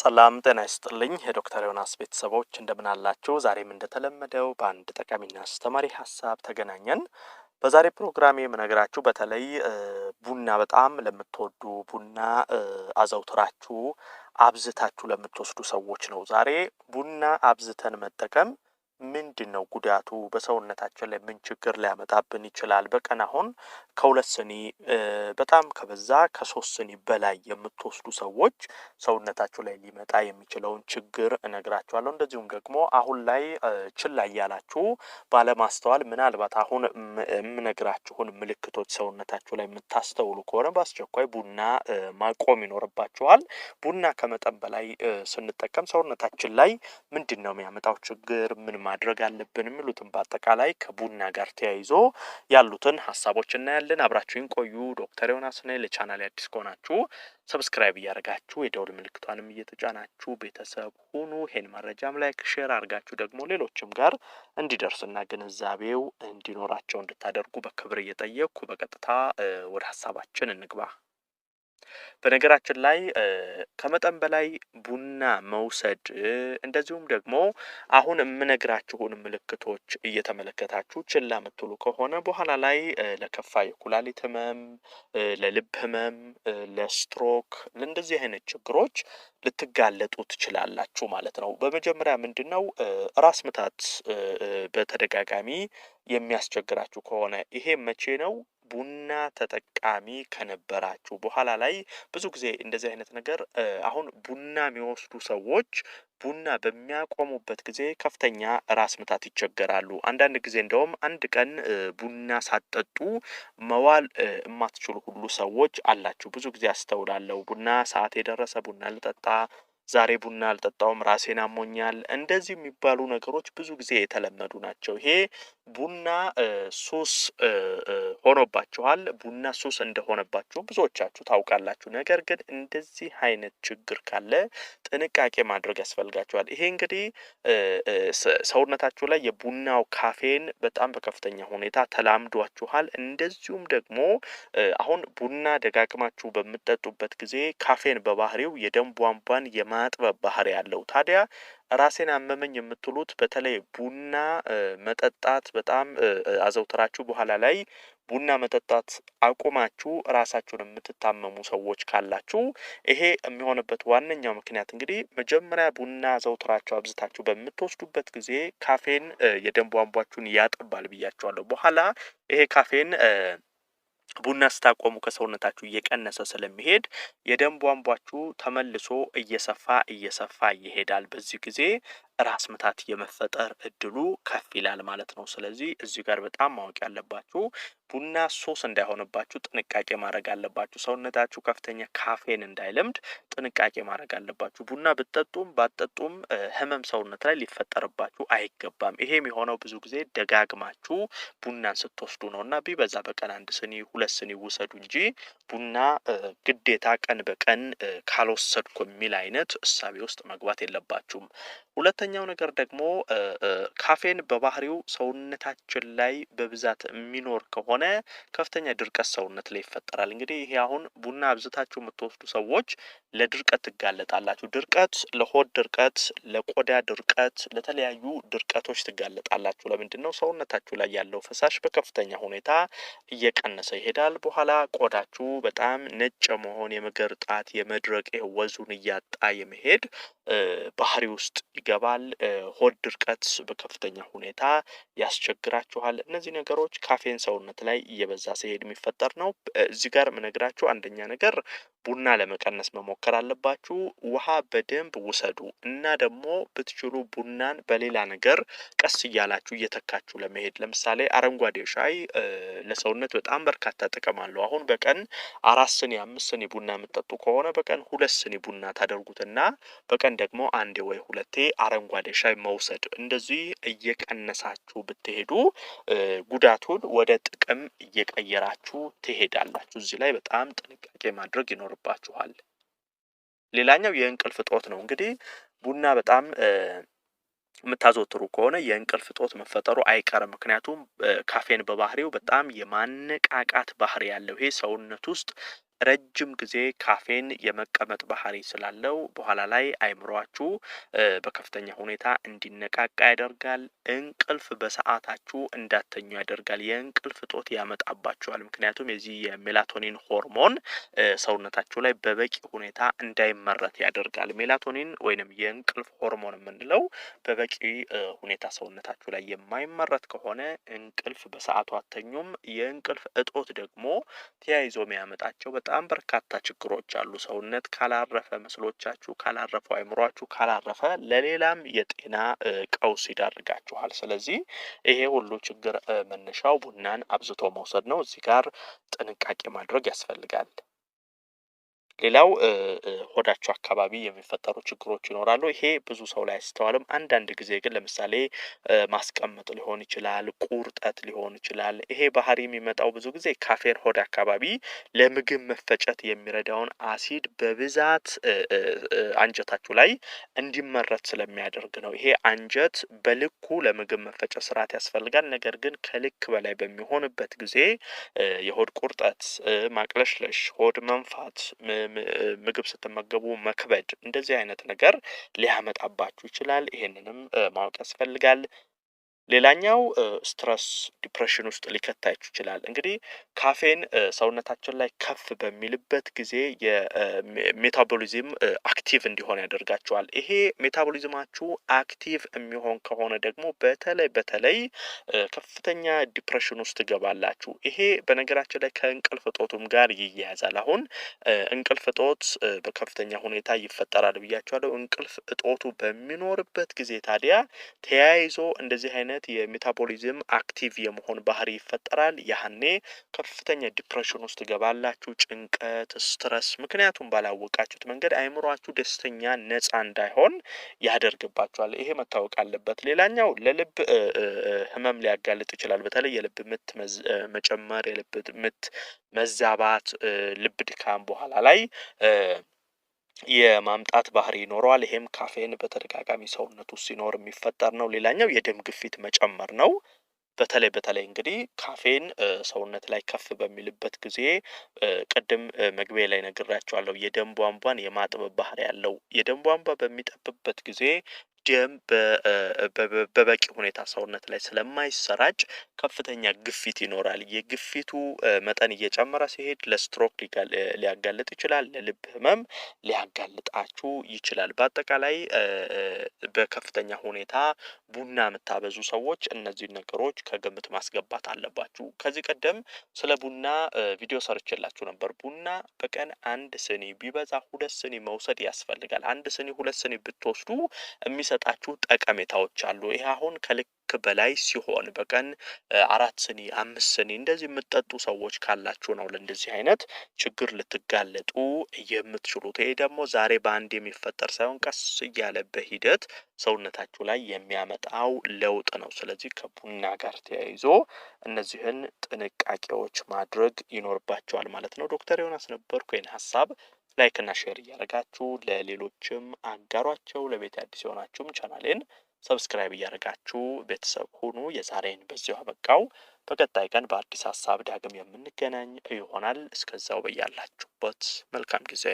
ሰላም ጤና ይስጥልኝ የዶክተር ዮናስ ቤተሰቦች እንደምን አላችሁ? ዛሬም እንደተለመደው በአንድ ጠቃሚና አስተማሪ ሀሳብ ተገናኘን። በዛሬ ፕሮግራም የምነግራችሁ በተለይ ቡና በጣም ለምትወዱ ቡና አዘውትራችሁ አብዝታችሁ ለምትወስዱ ሰዎች ነው። ዛሬ ቡና አብዝተን መጠቀም ምንድን ነው ጉዳቱ? በሰውነታችን ላይ ምን ችግር ሊያመጣብን ይችላል? በቀን አሁን ከሁለት ስኒ በጣም ከበዛ ከሶስት ስኒ በላይ የምትወስዱ ሰዎች ሰውነታችሁ ላይ ሊመጣ የሚችለውን ችግር እነግራችኋለሁ። እንደዚሁም ደግሞ አሁን ላይ ችላ እያላችሁ ባለማስተዋል ምናልባት አሁን የምነግራችሁን ምልክቶች ሰውነታችሁ ላይ የምታስተውሉ ከሆነ በአስቸኳይ ቡና ማቆም ይኖርባችኋል። ቡና ከመጠን በላይ ስንጠቀም ሰውነታችን ላይ ምንድን ነው የሚያመጣው ችግር ምን ማድረግ አለብን የሚሉትን በአጠቃላይ ከቡና ጋር ተያይዞ ያሉትን ሀሳቦች እናያለን። አብራችሁን ቆዩ። ዶክተር ዮናስ ነኝ። ለቻናል አዲስ ከሆናችሁ ሰብስክራይብ እያደረጋችሁ የደውል ምልክቷንም እየተጫናችሁ ቤተሰብ ሁኑ። ይሄን መረጃም ላይክ፣ ሼር አድርጋችሁ ደግሞ ሌሎችም ጋር እንዲደርስና ግንዛቤው እንዲኖራቸው እንድታደርጉ በክብር እየጠየቅኩ በቀጥታ ወደ ሀሳባችን እንግባ። በነገራችን ላይ ከመጠን በላይ ቡና መውሰድ እንደዚሁም ደግሞ አሁን የምነግራችሁን ምልክቶች እየተመለከታችሁ ችላ የምትሉ ከሆነ በኋላ ላይ ለከፋ የኩላሊት ህመም፣ ለልብ ህመም፣ ለስትሮክ ለእንደዚህ አይነት ችግሮች ልትጋለጡ ትችላላችሁ ማለት ነው። በመጀመሪያ ምንድን ነው ራስ ምታት በተደጋጋሚ የሚያስቸግራችሁ ከሆነ ይሄ መቼ ነው? ቡና ተጠቃሚ ከነበራችሁ በኋላ ላይ ብዙ ጊዜ እንደዚህ አይነት ነገር አሁን ቡና የሚወስዱ ሰዎች ቡና በሚያቆሙበት ጊዜ ከፍተኛ ራስ ምታት ይቸገራሉ። አንዳንድ ጊዜ እንደውም አንድ ቀን ቡና ሳጠጡ መዋል የማትችሉ ሁሉ ሰዎች አላችሁ። ብዙ ጊዜ አስተውላለሁ። ቡና ሰዓት የደረሰ ቡና ልጠጣ፣ ዛሬ ቡና አልጠጣውም፣ ራሴን አሞኛል፣ እንደዚህ የሚባሉ ነገሮች ብዙ ጊዜ የተለመዱ ናቸው። ይሄ ቡና ሱስ ሆኖባችኋል። ቡና ሱስ እንደሆነባችሁ ብዙዎቻችሁ ታውቃላችሁ። ነገር ግን እንደዚህ አይነት ችግር ካለ ጥንቃቄ ማድረግ ያስፈልጋችኋል። ይሄ እንግዲህ ሰውነታችሁ ላይ የቡናው ካፌን በጣም በከፍተኛ ሁኔታ ተላምዷችኋል። እንደዚሁም ደግሞ አሁን ቡና ደጋግማችሁ በምጠጡበት ጊዜ ካፌን በባህሪው የደም ቧንቧን የማጥበብ ባህሪ ያለው ታዲያ ራሴን አመመኝ የምትሉት በተለይ ቡና መጠጣት በጣም አዘውትራችሁ በኋላ ላይ ቡና መጠጣት አቁማችሁ ራሳችሁን የምትታመሙ ሰዎች ካላችሁ ይሄ የሚሆንበት ዋነኛው ምክንያት እንግዲህ መጀመሪያ ቡና ዘውትራችሁ አብዝታችሁ በምትወስዱበት ጊዜ ካፌን የደም ቧንቧችሁን ያጠባል ብያቸዋለሁ። በኋላ ይሄ ካፌን ቡና ስታቆሙ ከሰውነታችሁ እየቀነሰ ስለሚሄድ የደም ቧንቧችሁ ተመልሶ እየሰፋ እየሰፋ ይሄዳል። በዚህ ጊዜ ራስ ምታት የመፈጠር እድሉ ከፍ ይላል ማለት ነው። ስለዚህ እዚህ ጋር በጣም ማወቅ ያለባችሁ ቡና ሶስ እንዳይሆንባችሁ ጥንቃቄ ማድረግ አለባችሁ። ሰውነታችሁ ከፍተኛ ካፌን እንዳይለምድ ጥንቃቄ ማድረግ አለባችሁ። ቡና ብጠጡም ባጠጡም ህመም ሰውነት ላይ ሊፈጠርባችሁ አይገባም። ይሄም የሆነው ብዙ ጊዜ ደጋግማችሁ ቡናን ስትወስዱ ነው እና ቢበዛ በቀን አንድ ስኒ ሁለት ስኒ ውሰዱ እንጂ ቡና ግዴታ ቀን በቀን ካልወሰድኩ የሚል አይነት እሳቤ ውስጥ መግባት የለባችሁም። ሁለተ ሁለተኛው ነገር ደግሞ ካፌን በባህሪው ሰውነታችን ላይ በብዛት የሚኖር ከሆነ ከፍተኛ ድርቀት ሰውነት ላይ ይፈጠራል። እንግዲህ ይሄ አሁን ቡና አብዝታችሁ የምትወስዱ ሰዎች ለድርቀት ትጋለጣላችሁ። ድርቀት ለሆድ ድርቀት፣ ለቆዳ ድርቀት፣ ለተለያዩ ድርቀቶች ትጋለጣላችሁ። ለምንድን ነው? ሰውነታችሁ ላይ ያለው ፈሳሽ በከፍተኛ ሁኔታ እየቀነሰ ይሄዳል። በኋላ ቆዳችሁ በጣም ነጭ መሆን የመገርጣት የመድረቅ ወዙን እያጣ የመሄድ ባህሪ ውስጥ ይገባል። ሆድ ድርቀት በከፍተኛ ሁኔታ ያስቸግራችኋል። እነዚህ ነገሮች ካፌን ሰውነት ላይ እየበዛ ሲሄድ የሚፈጠር ነው። እዚህ ጋር የምነግራችሁ አንደኛ ነገር ቡና ለመቀነስ መሞከር አለባችሁ። ውሃ በደንብ ውሰዱ እና ደግሞ ብትችሉ ቡናን በሌላ ነገር ቀስ እያላችሁ እየተካችሁ ለመሄድ ለምሳሌ አረንጓዴ ሻይ ለሰውነት በጣም በርካታ ጥቅም አለው። አሁን በቀን አራት ስኒ አምስት ስኒ ቡና የምትጠጡ ከሆነ በቀን ሁለት ስኒ ቡና ታደርጉትና በቀን ደግሞ አንዴ ወይ ሁለቴ አረንጓዴ ሻይ መውሰድ እንደዚህ እየቀነሳችሁ ብትሄዱ ጉዳቱን ወደ ጥቅም እየቀየራችሁ ትሄዳላችሁ። እዚህ ላይ በጣም ጥንቃቄ ማድረግ ይኖር ይኖርባችኋል። ሌላኛው የእንቅልፍ እጦት ነው። እንግዲህ ቡና በጣም የምታዘወትሩ ከሆነ የእንቅልፍ እጦት መፈጠሩ አይቀርም። ምክንያቱም ካፌን በባህሪው በጣም የማነቃቃት ባህሪ ያለው ይሄ ሰውነት ውስጥ ረጅም ጊዜ ካፌን የመቀመጥ ባህሪ ስላለው በኋላ ላይ አይምሯችሁ በከፍተኛ ሁኔታ እንዲነቃቃ ያደርጋል። እንቅልፍ በሰዓታችሁ እንዳተኙ ያደርጋል። የእንቅልፍ እጦት ያመጣባችኋል። ምክንያቱም የዚህ የሜላቶኒን ሆርሞን ሰውነታችሁ ላይ በበቂ ሁኔታ እንዳይመረት ያደርጋል። ሜላቶኒን ወይንም የእንቅልፍ ሆርሞን የምንለው በበቂ ሁኔታ ሰውነታችሁ ላይ የማይመረት ከሆነ እንቅልፍ በሰዓቱ አተኙም። የእንቅልፍ እጦት ደግሞ ተያይዞ የሚያመጣቸው በጣም በርካታ ችግሮች አሉ። ሰውነት ካላረፈ መስሎቻችሁ፣ ካላረፈ አይምሯችሁ፣ ካላረፈ ለሌላም የጤና ቀውስ ይዳርጋችኋል። ስለዚህ ይሄ ሁሉ ችግር መነሻው ቡናን አብዝቶ መውሰድ ነው። እዚህ ጋር ጥንቃቄ ማድረግ ያስፈልጋል። ሌላው ሆዳቸው አካባቢ የሚፈጠሩ ችግሮች ይኖራሉ። ይሄ ብዙ ሰው ላይ አይስተዋልም። አንዳንድ ጊዜ ግን ለምሳሌ ማስቀመጥ ሊሆን ይችላል፣ ቁርጠት ሊሆን ይችላል። ይሄ ባህሪ የሚመጣው ብዙ ጊዜ ካፌን ሆድ አካባቢ ለምግብ መፈጨት የሚረዳውን አሲድ በብዛት አንጀታችሁ ላይ እንዲመረት ስለሚያደርግ ነው። ይሄ አንጀት በልኩ ለምግብ መፈጨት ስርዓት ያስፈልጋል። ነገር ግን ከልክ በላይ በሚሆንበት ጊዜ የሆድ ቁርጠት፣ ማቅለሽለሽ፣ ሆድ መንፋት ምግብ ስትመገቡ መክበድ እንደዚህ አይነት ነገር ሊያመጣባችሁ ይችላል። ይሄንንም ማወቅ ያስፈልጋል። ሌላኛው ስትረስ ዲፕሬሽን ውስጥ ሊከታችሁ ይችላል። እንግዲህ ካፌን ሰውነታችን ላይ ከፍ በሚልበት ጊዜ የሜታቦሊዝም አክቲቭ እንዲሆን ያደርጋቸዋል። ይሄ ሜታቦሊዝማችሁ አክቲቭ የሚሆን ከሆነ ደግሞ በተለይ በተለይ ከፍተኛ ዲፕሬሽን ውስጥ ትገባላችሁ። ይሄ በነገራችን ላይ ከእንቅልፍ እጦቱም ጋር ይያያዛል። አሁን እንቅልፍ እጦት በከፍተኛ ሁኔታ ይፈጠራል ብያቸዋለሁ። እንቅልፍ እጦቱ በሚኖርበት ጊዜ ታዲያ ተያይዞ እንደዚህ አይነት አይነት የሜታቦሊዝም አክቲቭ የመሆን ባህሪ ይፈጠራል። ያህኔ ከፍተኛ ዲፕሬሽን ውስጥ ትገባላችሁ። ጭንቀት፣ ስትረስ፣ ምክንያቱም ባላወቃችሁት መንገድ አይምሯችሁ ደስተኛ፣ ነጻ እንዳይሆን ያደርግባችኋል። ይሄ መታወቅ አለበት። ሌላኛው ለልብ ህመም ሊያጋልጥ ይችላል። በተለይ የልብ ምት መጨመር፣ የልብ ምት መዛባት፣ ልብ ድካም በኋላ ላይ የማምጣት ባህሪ ይኖረዋል። ይሄም ካፌን በተደጋጋሚ ሰውነት ሲኖር የሚፈጠር ነው። ሌላኛው የደም ግፊት መጨመር ነው። በተለይ በተለይ እንግዲህ ካፌን ሰውነት ላይ ከፍ በሚልበት ጊዜ ቅድም መግቢያ ላይ ነግራቸዋለሁ፣ የደም ቧንቧን የማጥበብ ባህሪ ያለው የደም ቧንቧ በሚጠብበት ጊዜ ደም በበቂ ሁኔታ ሰውነት ላይ ስለማይሰራጭ ከፍተኛ ግፊት ይኖራል። የግፊቱ መጠን እየጨመረ ሲሄድ ለስትሮክ ሊያጋልጥ ይችላል፣ ለልብ ህመም ሊያጋልጣችሁ ይችላል። በአጠቃላይ በከፍተኛ ሁኔታ ቡና የምታበዙ ሰዎች እነዚህን ነገሮች ከግምት ማስገባት አለባችሁ። ከዚህ ቀደም ስለ ቡና ቪዲዮ ሰርቼላችሁ ነበር። ቡና በቀን አንድ ስኒ ቢበዛ ሁለት ስኒ መውሰድ ያስፈልጋል። አንድ ስኒ ሁለት ስኒ ብትወስዱ የሚሰ የሚሰጣችሁ ጠቀሜታዎች አሉ። ይህ አሁን ከልክ በላይ ሲሆን በቀን አራት ስኒ አምስት ስኒ እንደዚህ የምትጠጡ ሰዎች ካላችሁ ነው ለእንደዚህ አይነት ችግር ልትጋለጡ የምትችሉት። ይሄ ደግሞ ዛሬ በአንድ የሚፈጠር ሳይሆን ቀስ እያለ በሂደት ሰውነታችሁ ላይ የሚያመጣው ለውጥ ነው። ስለዚህ ከቡና ጋር ተያይዞ እነዚህን ጥንቃቄዎች ማድረግ ይኖርባቸዋል ማለት ነው። ዶክተር ዮናስ ነበርኩ። ይህን ሀሳብ ላይክና ሼር እያደረጋችሁ ለሌሎችም አጋሯቸው። ለቤት አዲስ የሆናችሁም ቻናሌን ሰብስክራይብ እያደረጋችሁ ቤተሰብ ሁኑ። የዛሬን በዚሁ አበቃው። በቀጣይ ቀን በአዲስ ሀሳብ ዳግም የምንገናኝ ይሆናል። እስከዛው በያላችሁበት መልካም ጊዜ